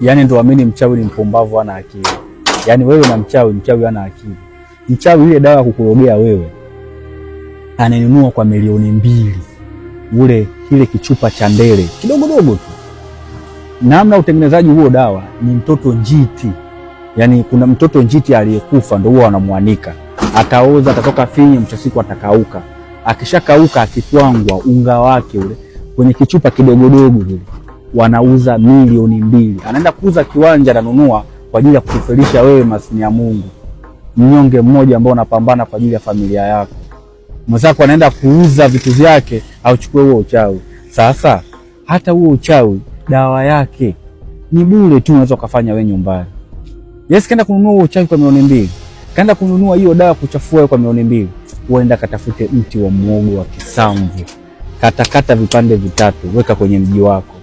yani ndo amini mchawi ni mpumbavu, ana akili. Yani wewe na mchawi, mchawi ana akili. Mchawi ile dawa ya kukurogea wewe ananunua kwa milioni mbili, ule kile kichupa cha ndele kidogodogo tu. Namna utengenezaji huo dawa ni mtoto njiti, yani kuna mtoto njiti aliyekufa ndo huo wanamwanika, ataoza, atatoka finye, mchasiku atakauka. Akishakauka akitwangwa unga wake ule kwenye kichupa kidogodogo kile wanauza milioni mbili, anaenda kuuza kiwanja ananunua kwa ajili ya kusafirisha wewe, maskini ya Mungu, mnyonge mmoja ambao unapambana kwa ajili ya familia yako. Mwenzako anaenda kuuza vitu vyake, auchukue huo uchawi. Sasa hata huo uchawi dawa yake ni bure tu, unaweza ukafanya wewe nyumbani. Yes, kaenda kununua huo uchawi kwa milioni mbili, kaenda kununua hiyo dawa kuchafua kwa milioni mbili, uenda katafute mti wa muogo wa kisamvu, katakata vipande vitatu, weka kwenye mji wako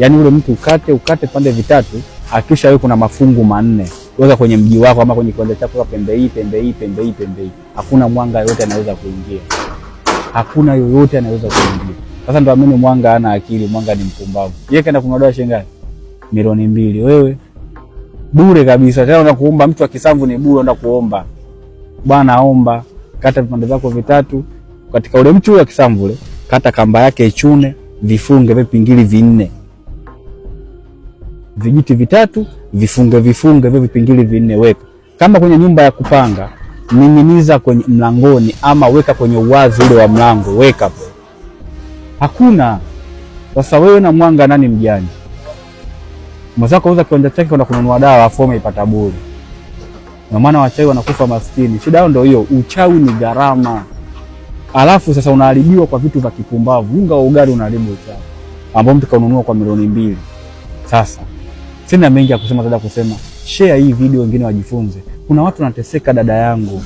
yani ule mti ukate ukate pande vitatu, hakikisha wewe kuna mafungu manne, weka kwenye mji wako ama kwenye kiwanja chako, pembe hii, pembe hii, pembe hii, pembe hii. Hakuna mwanga yoyote anaweza kuingia, hakuna yoyote anaweza kuingia. Sasa ndo amini mwanga ana akili, mwanga ni mpumbavu. Yeye kaenda kumdoa shingapi? Milioni mbili, wewe bure kabisa. Tena unaenda kuomba, mtu wa kisamvu ni bure, unaenda kuomba bwana, omba, kata vipande vyako vitatu katika ule mti wa kisamvu ule, kata kamba yake ichune, vifunge vipingili vinne vijiti vitatu, vifunge vifunge hivyo vipingili vinne, weka kama kwenye nyumba ya kupanga, ning'iniza kwenye mlangoni, ama weka kwenye uwazi ule wa mlango, weka po. Hakuna sasa, wewe na mwanga, nani mjani? Mwenzako uza kiwanja chake kwenda kununua dawa, afu ameipata bure. Ndio maana wachawi wanakufa maskini, shida yao ndio hiyo. Uchawi ni gharama, alafu sasa unaharibiwa kwa vitu vya kipumbavu. Unga wa ugali unaharibu uchawi ambao mtu kaununua kwa milioni mbili. Sasa Sina mengi ya kusema zaidi ya kusema share hii video, wengine wajifunze. Kuna watu wanateseka, dada yangu,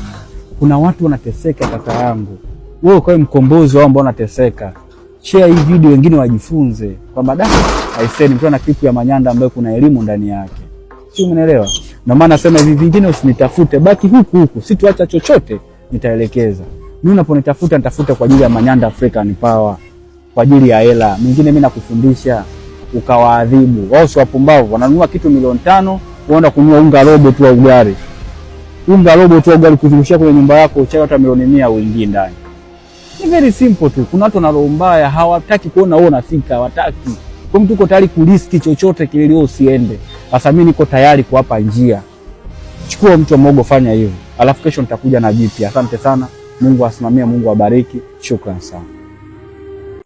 kuna watu wanateseka, kaka yangu, wewe kwa mkombozi wao ambao wanateseka. Share hii video, wengine wajifunze kwamba da aisee, mtu ana klipu ya Manyanda ambayo kuna elimu ndani yake, si umeelewa? Ndio maana nasema hivi, vingine usinitafute, baki huku huku, situacha chochote, nitaelekeza mimi. Unaponitafuta nitafuta kwa ajili ya Manyanda African Power, kwa ajili ya hela, Mwingine mimi nakufundisha ukawaadhibu wao. Si wapumbavu, wananunua kitu milioni tano, unaenda kununua unga robo tu wa ugali, unga robo tu wa ugali kuzungushia kwenye nyumba yako, uchawi hata milioni mia uingie ndani. Ni very simple tu. Kuna watu na roho mbaya, hawataki kuona wewe unafika, hawataki kwa mtu. Uko tayari kuriski chochote kile leo usiende. Sasa mimi niko tayari kuwapa njia. Chukua mtu mmoja, fanya hivyo, alafu kesho nitakuja na jipya. Asante sana. Mungu asimamie, Mungu abariki. Shukrani sana.